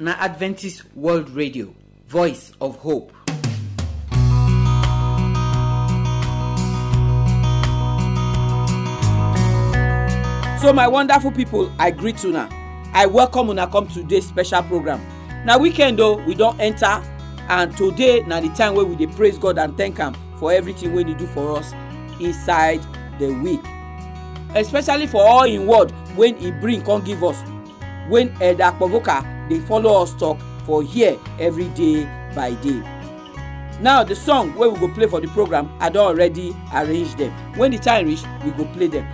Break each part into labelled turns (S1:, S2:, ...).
S1: na adventist world radio voice of hope so my wonderful people i greet una i welcome una come today special program na weekend o oh, we don enter and today na the time wey we dey praise god and thank am for everything wey he do for us inside the week especially for all him word wey he bring come give us when elder kpovoka dey follow us talk for here every day by day. now the song wey we go play for the program i don already arrange them when the time reach we go play them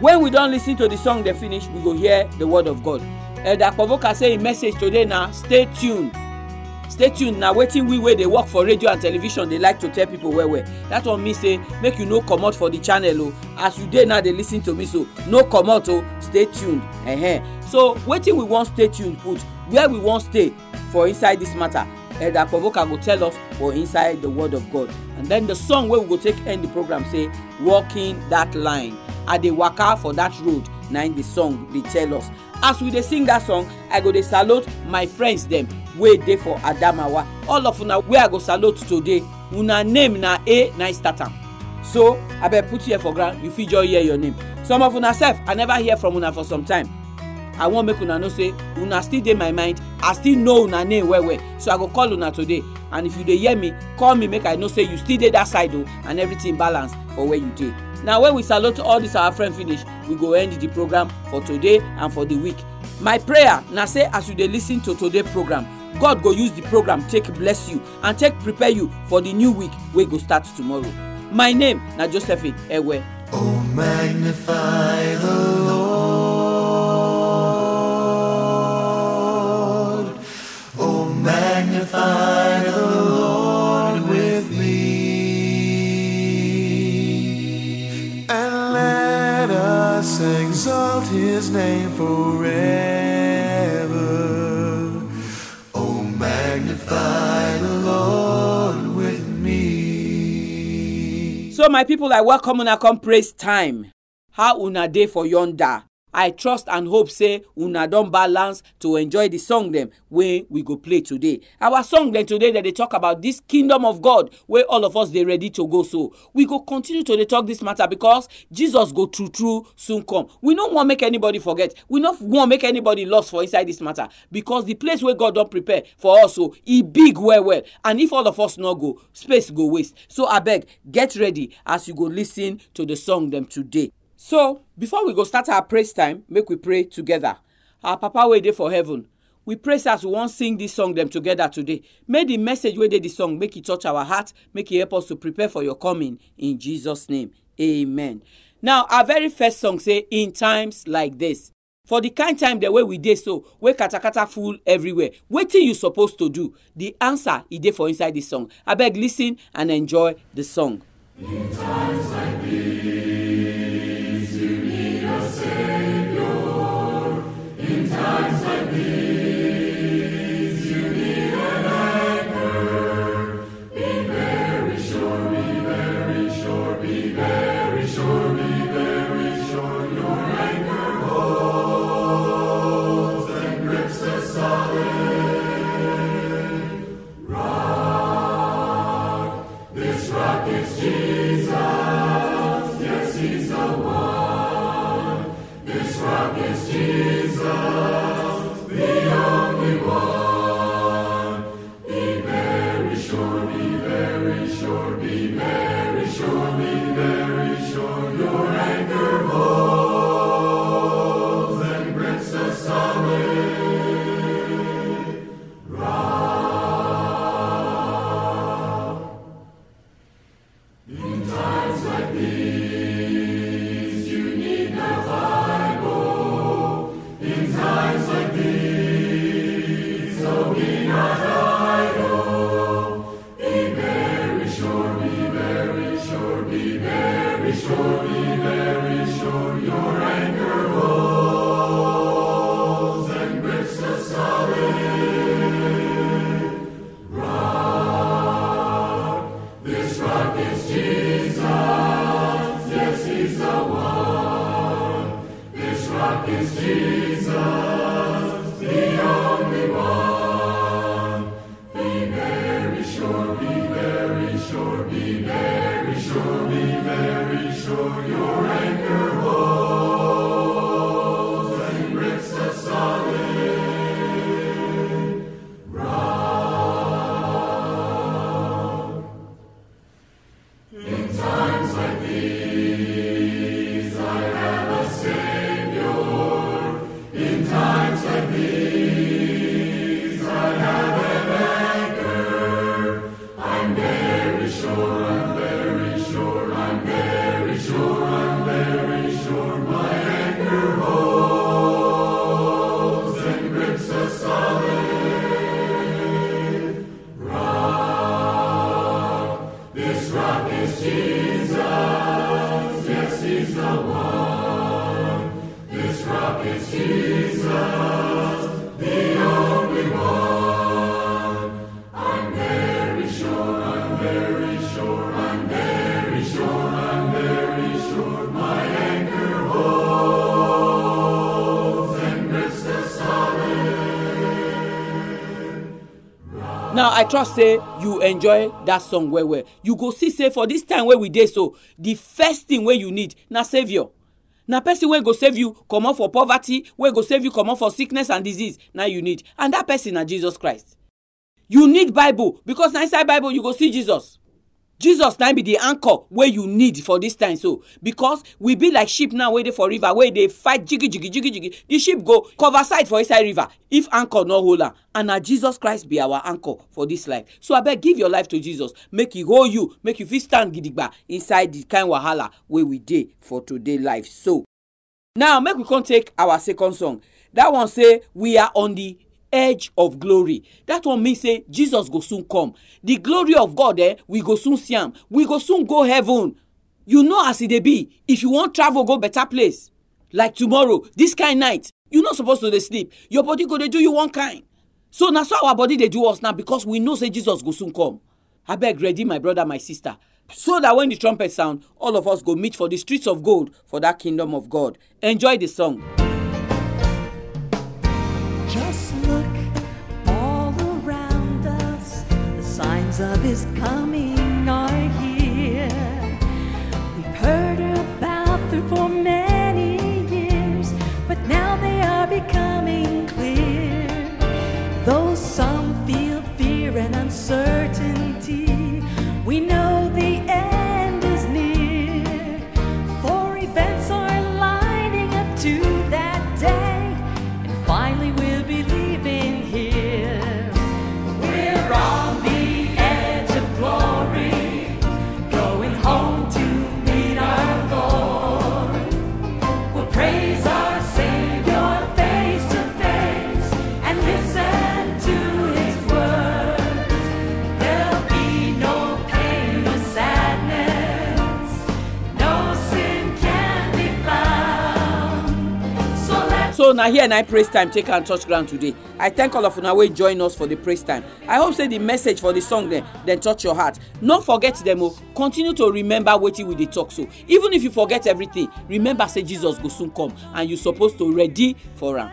S1: when we don lis ten to the song dey finish we go hear the word of god elder kpovoka say im message today na stay tuned stay tuned na wetin we wey dey work for radio and television dey like to tell people well well that one mean say make you no comot for the channel o as you dey now dey lis ten to me so no comot o stay tuned uh -huh. so wetin we wan stay tuned put where we wan stay for inside this matter elder provoker go tell us for inside the word of god and then the song wey we go take end the program say walking that line i dey waka for that road na in the song dey tell us as we dey sing that song i go dey salute my friends dem wey dey for adamawa all of una wey i go salute today una name na a na im start am so abeg put ear for ground you fit just hear your name some of una sef i never hear from una for some time i wan make una know say una still dey my mind i still know una name well well so i go call una today and if you dey hear me call me make i know say you still dey that side o oh, and everything balance for where you dey na when we salute all this our friend finish we go end the program for today and for the week my prayer na say as you dey lis ten to today program god go use the program take bless you and take prepare you for the new week wey go start tomorrow my name na josephine ewe. oh magnify the lord. Oh, so, my people, I welcome una come praise time. How una day for yonder? i trust and hope say una don balance to enjoy the song dem wey we go play today our song dem today dem dey talk about this kingdom of god wey all of us dey ready to go so we go continue to dey talk this matter because jesus go true true soon come we no wan make anybody forget we no wan make anybody lost for inside this matter because the place wey god don prepare for us so e big well well and if all of us no go space go waste so abeg get ready as you go lis ten to the song dem today. so before we go start our praise time make we pray together our papa we dey for heaven we praise as we sing this song them together today May the message we dey the song make it touch our heart make it help us to prepare for your coming in jesus name amen now our very first song say in times like this for the kind time the way we dey so we kata kata full everywhere What you supposed to do The answer is dey for inside this song I beg listen and enjoy the song.
S2: in times like this.
S1: now i trust say you enjoy that song well well you go see say for this time wey we dey so the first thing wey you need na saviour na person wey go save you comot for poverty wey go save you comot for sickness and disease na you need and that person na jesus christ you need bible because na inside bible you go see jesus jesus na be the anchor wey you need for this time so because we be like sheep now wey dey for river wey dey fight jigi jigi jigi jigi the sheep go cover side for inside river if anchor no hold am and na jesus christ be our anchor for this life so abeg give your life to jesus make he hold you make you fit stand gidigba inside the kind wahala wey we dey for today life so now make we come take our second song that one say we are on the edge of glory that one mean say jesus go soon come the glory of god eh we go soon see am we go soon go heaven you know as e dey be if you wan travel go better place like tomorrow this kind night you no suppose to dey sleep your body go dey do you one kind so na so our body dey do us now because we know say jesus go soon come abeg ready my brother my sister so that when the trumpet sound all of us go meet for the streets of gold for that kingdom of god enjoy the song.
S2: Love is coming are here. We've heard about them for many years, but now they are becoming clear. Though some feel fear and uncertainty.
S1: na here na praise time take am touch ground today i thank all of una wey join us for the praise time i hope say the message for the song dem dem touch your heart no forget dem o oh, continue to remember wetin we dey talk so even if you forget everything remember say jesus go soon come and you suppose to ready for am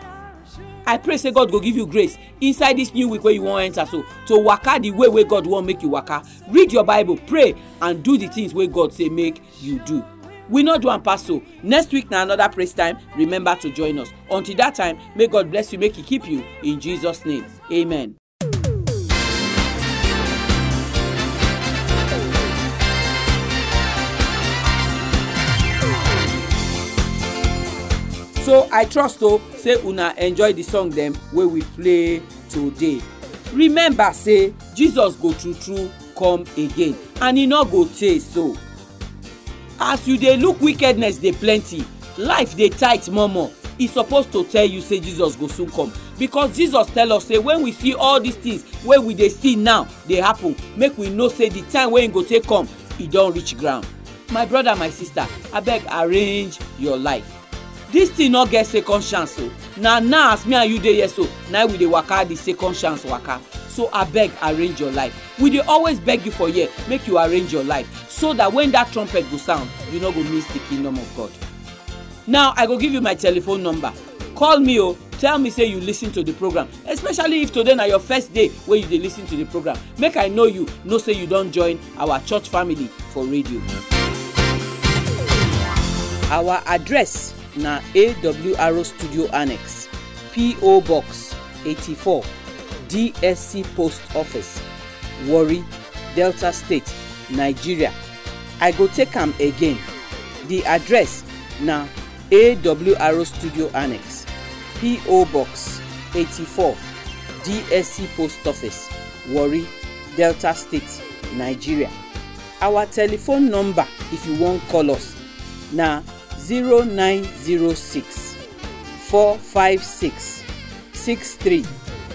S1: i pray say god go give you grace inside this new week wey you wan enter so to waka the way wey god wan make you waka read your bible pray and do the things wey god say make you do we no do am pass o next week na another praise time remember to join us until that time may god bless you make he keep you in jesus name amen. so i trust o say una enjoy the song dem wey we play today remember say jesus go true true come again and e no go tey so as you dey look wickedness dey plenty life dey tight more more e suppose to tell you say jesus go soon come because jesus tell us say when we see all these things wey we dey see now dey happen make we know say the time wey e go take come e don reach ground my brother my sister abeg arrange your life this thing no get second chance o na now as me and you dey here so Now we dey waka the second chance waka so abeg arrange your life we dey always beg you for here make you arrange your life so that when that trumpet go sound you no go miss the kingdom of god now i go give you my telephone number call me o oh. tell me say you lis ten to the program especially if today na your first day wey you dey lis ten to the program make i know you know say you don join our church family for radio. our address na awro studio annex po box eighty-four DSC Post Office, Warri, Delta State, Nigeria. I go take am again. The address na AWR Studio Annex, PO Box 84, DSC Post Office, Warri, Delta State, Nigeria. Our telephone number if you wan call us na 0906 456 63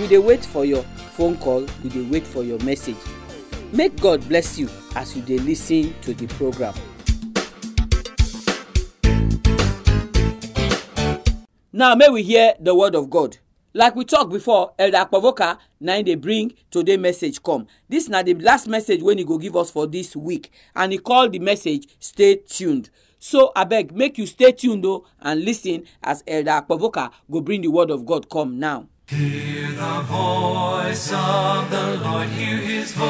S1: we dey wait for your phone call we dey wait for your message make god bless you as you dey lis ten to the program. now may we hear the word of god like we talk before elder akpavoka na him dey bring today message come this na the last message wey he go give us for this week and he call the message stay tuned so abeg make you stay tuned o oh, and lis ten as elder akpavoka go bring the word of god come now.
S3: Hear the voice of the Lord, hear his voice.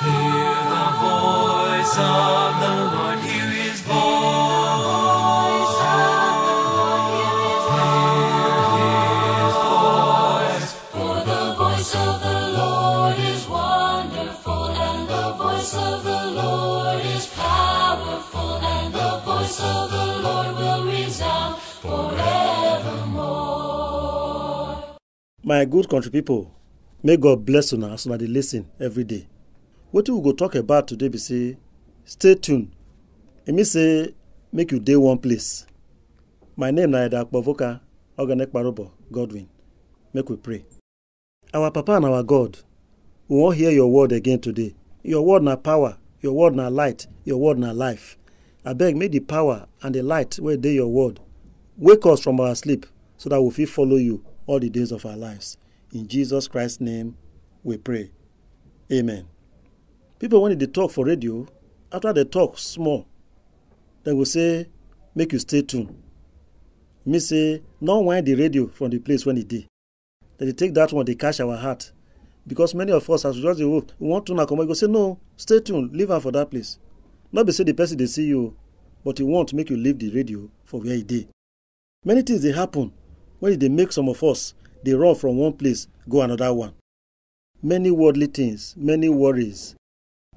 S3: Hear the
S2: voice of the Lord.
S4: my good country people, may god bless una as una dey lis ten every day wetin we go talk about today be say stay tuned e mean say make you dey one place my name na edakpovoka oganekparobo godwin make we pray our papa and our god we wan hear your word again today your word na power your word na light your word na life abeg may the power and the light wey dey your word wake us from our sleep so that we fit follow you all the days of our lives. In Jesus Christ's name, we pray. Amen. People, when they talk for radio, after they talk small, they will say, make you stay tuned. Me say, not wind the radio from the place when it did. Then they take that one, they catch our heart. Because many of us, as we just the road, we want to now come and go say, no, stay tuned, leave out for that place. Not be say the person they see you, but he want to make you leave the radio for where he did. Many things they happen wey dey make some of us dey run from one place go another one. Many worldly things, many worries.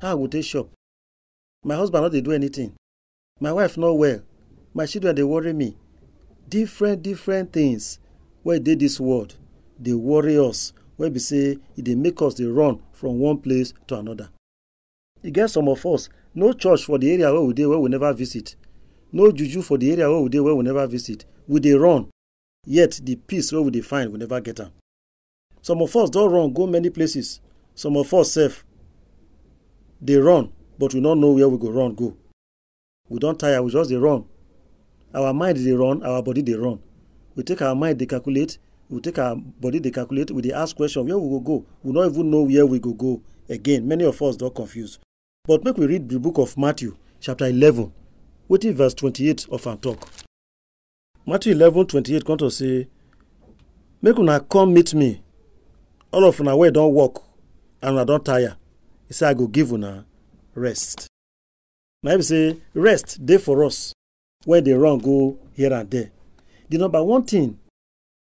S4: How I go take shop? My husband no dey do anything. My wife no well. My children dey worry me. Different different things wey dey dis world dey worry us wey be say e dey make us dey run from one place to another. E get some of us no church for the area wey we dey wey we never visit no juju for the area wey we dey wey we never visit we dey run yet the peace wey we dey find we never get am some of us don run go many places some of us sef dey run but we no know where we go run go we don tire we just dey run our mind dey run our body dey run we take our mind dey calculate we take our body dey calculate we dey ask question where we go go we no even know where we go go again many of us don confuse but make we read the book of matthew chapter eleven wetin verse twenty-eight of am talk matthew eleven twenty-eight come to say make una come meet me all of una wey don work and una don tire he say i go give una rest na him say rest dey for us wey dey run go here and there the number one thing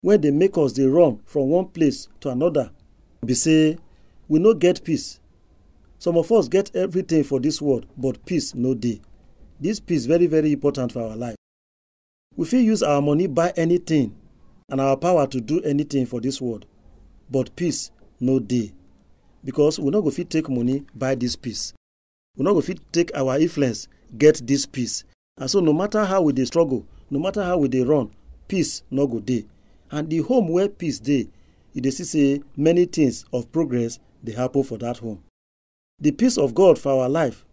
S4: wey dey make us dey run from one place to another be say we no get peace some of us get everything for this world but peace no dey this peace very very important for our life We feel use our money buy anything and our power to do anything for this world, but peace no day, Because we not go fit take money buy this peace. We not go fit take our influence get this peace. And so no matter how we they struggle, no matter how we they run, peace no go day. And the home where peace day, you dey see many things of progress they happen for that home. The peace of God for our life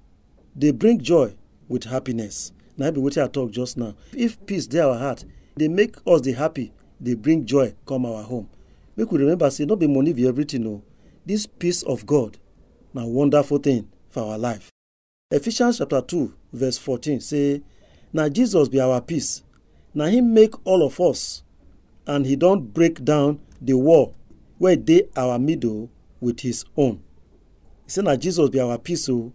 S4: they bring joy with happiness. na be wetin i talk just now if peace dey our heart e dey make us dey happy e dey bring joy come our home make we remember say no be money be everything o oh. this peace of god na wonderful thing for our life ephesians chapter two verse fourteen say na jesus be our peace na him make all of us and he don break down the wall wey dey our middle with his own he say na jesus be our peace o oh.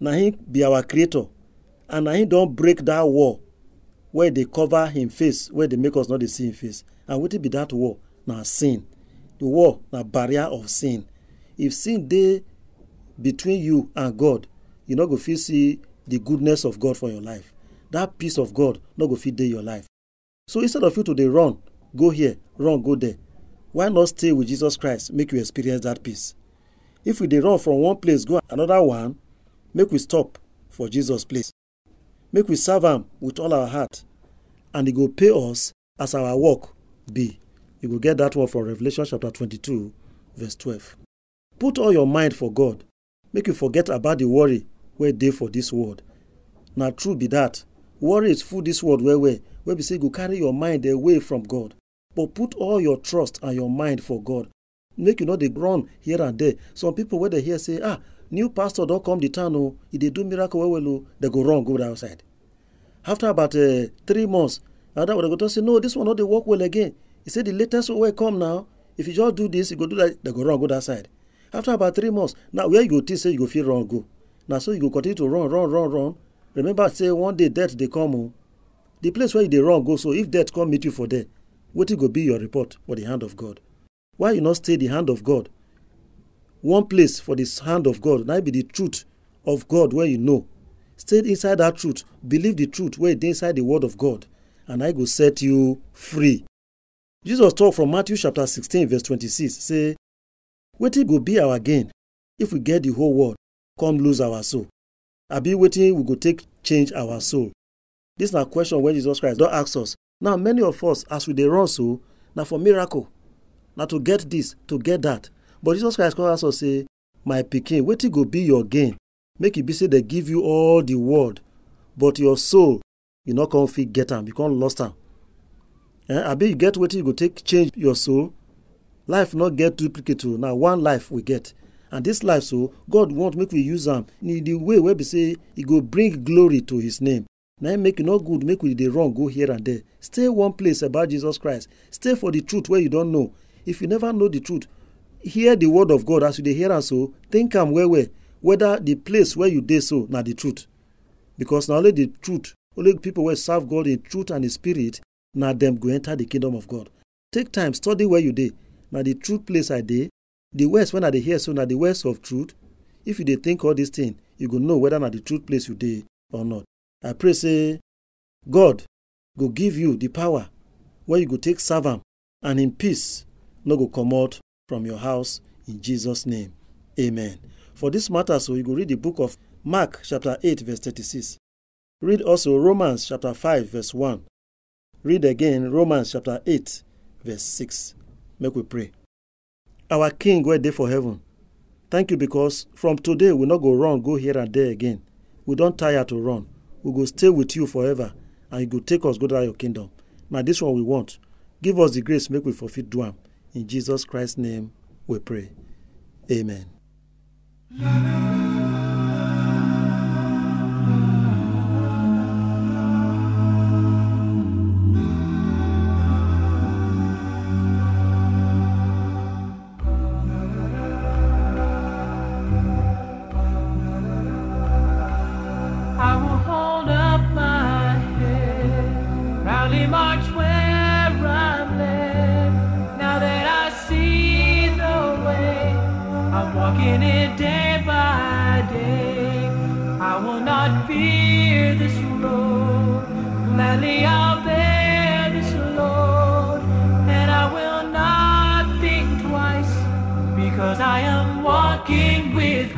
S4: na him be our creator and na don't break that wall where they cover him face where they make us not see him face and would it be that wall now sin the wall na barrier of sin if sin day between you and god you not go fit see the goodness of god for your life that peace of god not go fit day your life so instead of you to the run go here run go there why not stay with jesus christ make you experience that peace if we they run from one place go another one make we stop for jesus place make we serve am with all our heart and He go pay us as our work be you go get that one from revelation chapter 22 verse 12 put all your mind for god make you forget about the worry wey dey for this world na true be that worry is full this world well well wey be say you go carry your mind away from god but put all your trust and your mind for god make you no dey run here and there some people wey dey hear say ah new pastor don come the town o oh, e dey do miracle well well o oh, dey go run go that side. after about uh, three months another one dem go talk say no this one no dey work well again He say the latest one wey come now if you just do this you go do that dey go run go that side after about three months now where you go think say you go fit run go na so you go continue to run run run run remember say one day death dey come o oh. the place where you dey run go so if death come meet you for there wetin go be your report for the hand of god why you no stay the hand of god one place for the hand of god Now be the truth of god where you know stay inside that truth believe the truth where dey inside the word of god and i will set you free jesus talked from matthew chapter 16 verse 26 say what it will be our gain if we get the whole world come lose our soul I be waiting. we go take change our soul this a question where jesus christ don't ask us now many of us as we dey run so now for miracle now to get this to get that but jesus christ come ask us say my pikin wetin go be your gain make e be say dem give you all the world but your soul you no come fit get am you come lost am eh abi you get wetin you go take change your soul life no get duplicate o oh, na one life we get and this life so god want make we use am in the way wey be say e go bring glory to his name na make e no good make we dey run go here and there stay one place about jesus christ stay for the truth wey you don know if you never know the truth hear the word of god as you dey hear am so think am well well whether the place where you dey so na the truth because na only the truth only people wey serve god in truth and in spirit na dem go enter the kingdom of god take time study where you dey na the truth place i dey the words wey i dey hear so na the words of truth if you dey think all these things you go know whether na the truth place you dey or not i pray say god go give you the power wey you go take serve am and in peace no go comot from your house in Jesus' name. Amen. For this matter, so you go read the book of Mark chapter 8, verse 36. Read also Romans chapter 5, verse 1. Read again Romans chapter 8, verse 6. Make we pray. Our King, we're there for heaven. Thank you because from today we not go wrong, go here and there again. We don't tire to run. We go stay with you forever and you go take us go to your kingdom. Now this one we want. Give us the grace, make we forfeit Duam. In Jesus Christ's name we pray. Amen.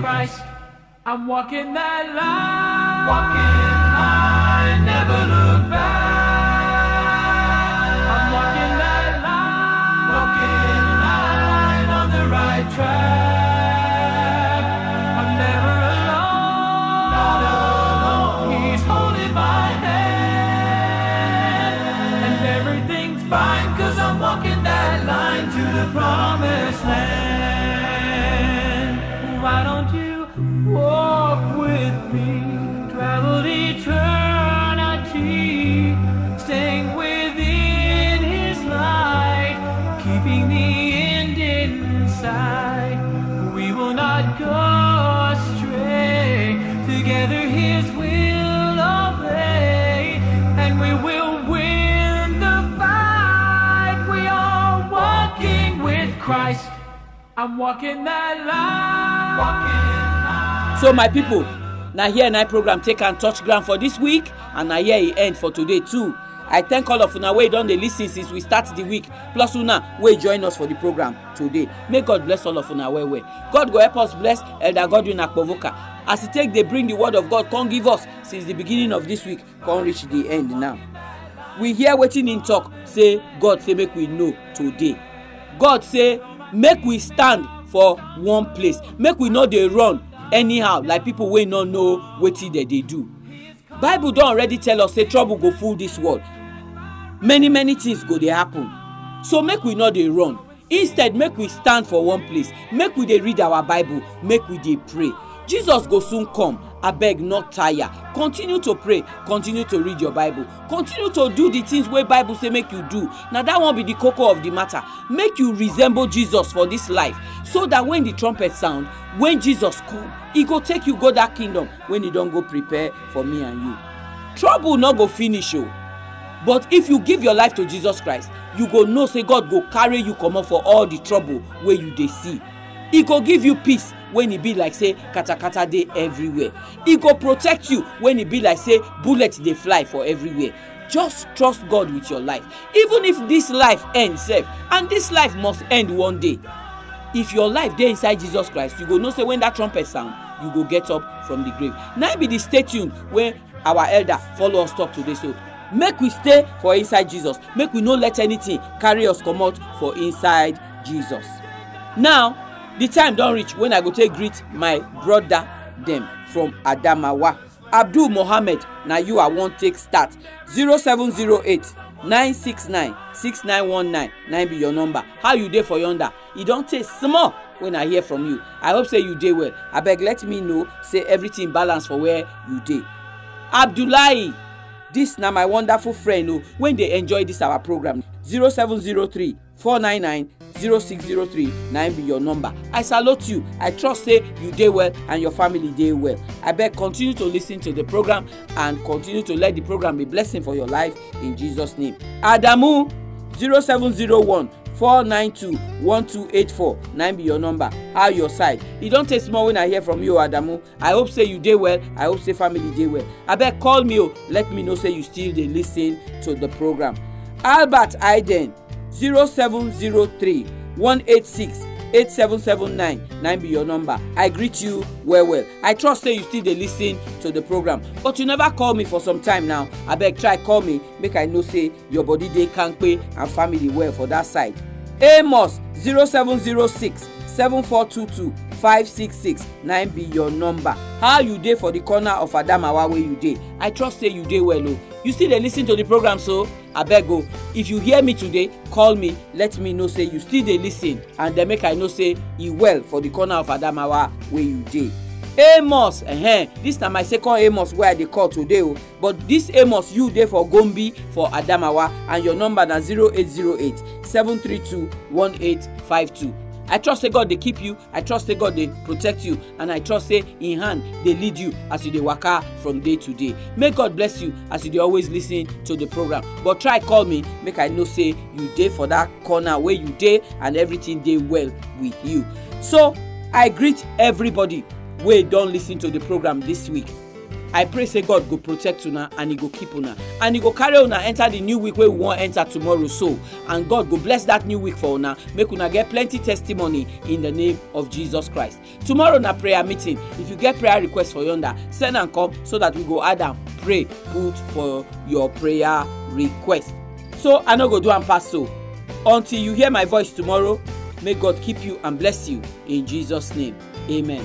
S3: Christ. I'm walking that line. Walking line, never look back. I'm walking that line. Walking line on the right track. not go astray. Together, His will obey, and we will win the fight. We are walking with Christ. I'm walking that line.
S1: So, my people, now here and I program take and touch ground for this week, and I here it end for today too. i thank all of una wey don dey lis ten since we start the week plus una wey join us for the program today may god bless all of una well well god go help us bless elder godwin akpovoka as he take dey bring the word of god come give us since the beginning of this week come reach the end now we hear wetin him talk say god say make we know today god say make we stand for one place make we no dey run anyhow like people wey no know wetin dem dey do bible don already tell us say trouble go full this world many many things go dey happen so make we no dey run instead make we stand for one place make we dey read our bible make we dey pray jesus go soon come abeg no tire continue to pray continue to read your bible continue to do the things wey bible say make you do na that one be the koko of the matter make you resemble jesus for this life so that when the trumpet sound when jesus come e go take you go that kingdom when e don go prepare for me and you trouble no go finish o. Oh but if you give your life to jesus christ you go know say god go carry you comot for all the trouble wey you dey see e go give you peace when e be like say katakata dey everywhere e go protect you when e be like say bullet dey fly for everywhere just trust god with your life even if this life end sef and this life must end one day if your life dey inside jesus christ you go know say when that trumpet sound you go get up from the grave na be the stay tuned wey our elder follow us talk today so make we stay for inside jesus make we no let anything carry us comot for inside jesus now the time don reach when i go take greet my brother dem from adamawa abdul mohammed na you i wan take start 0708 969 6919 Nine be your number how you dey for yonder e don tey small when i hear from you i hope say you dey well abeg let me know say everything balance for where you dey abdullahi This na my wonderful friend o wey dey enjoy this, our program 0703 499 0603 na im be your number i salute you i trust say you dey well and your family dey well abeg continue to lis ten to the program and continue to let the program be blessing for your life in jesus name adamu 0701 four nine two one two eight four nine be your number how your side e don take small when i hear from you adamu i hope say you dey well i hope say family dey well abeg call me o oh. let me know say you still dey lis ten to the program albert aiden zero seven zero three one eight six eight seven seven nine nine be your number i greet you well well i trust say you still dey lis ten to the program but you never call me for some time now abeg try call me make i know say your body dey kampe and family well for that side amos zero seven zero six seven four two two five six six nine be your number how you dey for the corner of adamawa wey you dey i trust say you dey well o oh. you still dey lis ten to the program so abeg o oh, if you hear me today call me let me know say you still dey lis ten and then make i know say e well for the corner of adamawa wey you dey amos ehn this na my second amos wey i dey call today o but this amos you dey for gombe for adamawa and your number na zero zero eight eight seven three two one eight five two. i trust say god dey keep you i trust say god dey protect you and i trust say him hand dey lead you as you dey waka from day to day may god bless you as you dey always lis ten to the program but try call me make i know say you dey for that corner where you dey and everything dey well with you so i greet everybody wey don lis ten to the program this week i pray say god go protect una and He go keep una and He go carry una enter the new week wey we wan enter tomorrow so and god go bless that new week for una make una get plenty testimony in the name of jesus christ tomorrow na prayer meeting if you get prayer request for yonder send am come so that we go add am pray put for your prayer request so i no go do am pass so until you hear my voice tomorrow may god keep you and bless you in jesus name amen.